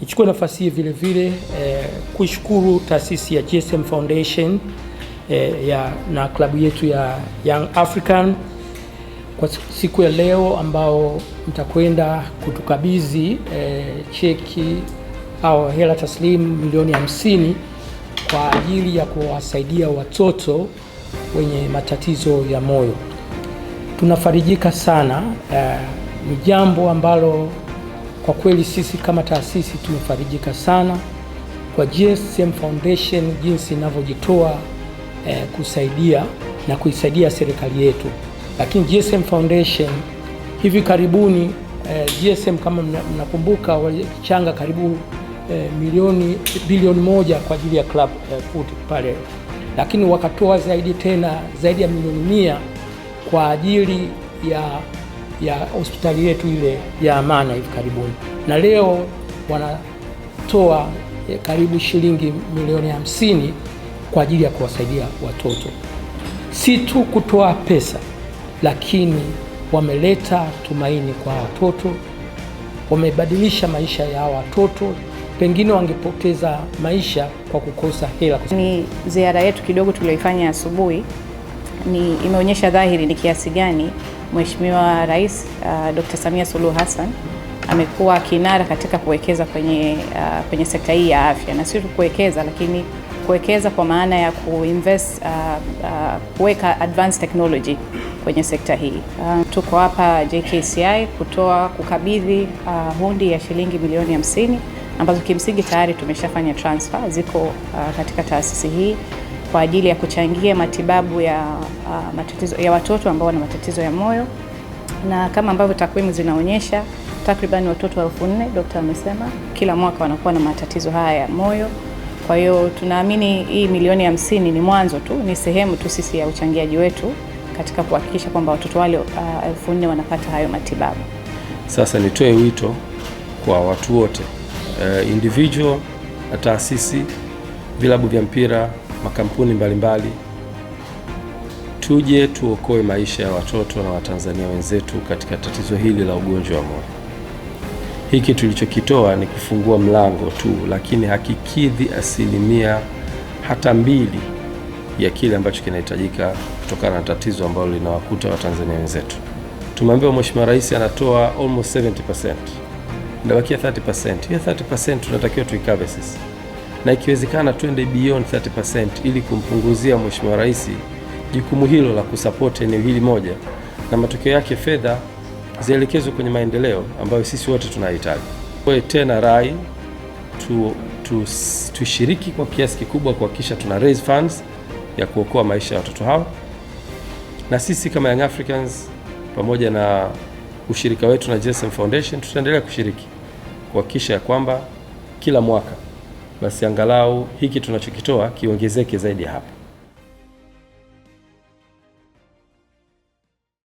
Nichukue nafasi hii vile vile eh, kuishukuru taasisi ya GSM Foundation eh, ya, na klabu yetu ya Young African kwa siku ya leo ambao mtakwenda kutukabidhi eh, cheki au hela taslimu milioni hamsini kwa ajili ya kuwasaidia watoto wenye matatizo ya moyo. Tunafarijika sana eh, ni jambo ambalo kwa kweli sisi kama taasisi tumefarijika sana kwa GSM Foundation jinsi inavyojitoa eh, kusaidia na kuisaidia serikali yetu. Lakini GSM Foundation hivi karibuni eh, GSM kama mnakumbuka walichanga karibu eh, milioni bilioni moja kwa ajili ya club eh, foot pale, lakini wakatoa zaidi tena zaidi ya milioni mia kwa ajili ya ya hospitali yetu ile ya Amana hivi karibuni, na leo wanatoa eh, karibu shilingi milioni hamsini kwa ajili ya kuwasaidia watoto, si tu kutoa pesa, lakini wameleta tumaini kwa watoto, wamebadilisha maisha ya watoto pengine wangepoteza maisha kwa kukosa hela. Ni ziara yetu kidogo tulioifanya asubuhi, ni imeonyesha dhahiri ni kiasi gani Mheshimiwa Rais uh, Dr. Samia Suluhu Hassan amekuwa kinara katika kuwekeza kwenye, uh, kwenye sekta hii ya afya, na sio tu kuwekeza, lakini kuwekeza kwa maana ya kuinvest uh, uh, kuweka advanced technology kwenye sekta hii. Uh, tuko hapa JKCI kutoa kukabidhi uh, hundi ya shilingi milioni hamsini ambazo kimsingi tayari tumeshafanya transfer, ziko uh, katika taasisi hii kwa ajili ya kuchangia matibabu ya, uh, matatizo, ya watoto ambao wana matatizo ya moyo na kama ambavyo takwimu zinaonyesha takriban watoto elfu nne dokta amesema kila mwaka wanakuwa na matatizo haya ya moyo. Kwa hiyo tunaamini hii milioni hamsini ni mwanzo tu, ni sehemu tu sisi ya uchangiaji wetu katika kuhakikisha kwamba watoto wale uh, elfu nne wanapata hayo matibabu. Sasa nitoe wito kwa watu wote, uh, individual, taasisi, vilabu vya mpira makampuni mbalimbali mbali, tuje tuokoe maisha ya watoto na Watanzania wenzetu katika tatizo hili la ugonjwa wa moyo. Hiki tulichokitoa ni kufungua mlango tu, lakini hakikidhi asilimia hata mbili ya kile ambacho kinahitajika kutokana na tatizo ambalo linawakuta Watanzania wenzetu. Tumeambiwa Mheshimiwa Rais anatoa almost 70%, Ndabakia 30%. Hiyo 30% tunatakiwa tuikave sisi na ikiwezekana twende beyond 30% ili kumpunguzia Mheshimiwa Rais jukumu hilo la kusapoti eneo hili moja, na matokeo yake fedha zielekezwe kwenye maendeleo ambayo sisi wote tunahitaji. Kwa tena rai tu, tu, tushiriki kwa kiasi kikubwa kuhakikisha tuna raise funds ya kuokoa maisha ya watoto hawa, na sisi kama Young Africans pamoja na ushirika wetu na GSM Foundation tutaendelea kushiriki kuhakikisha ya kwamba kila mwaka basi angalau hiki tunachokitoa kiongezeke zaidi hapa.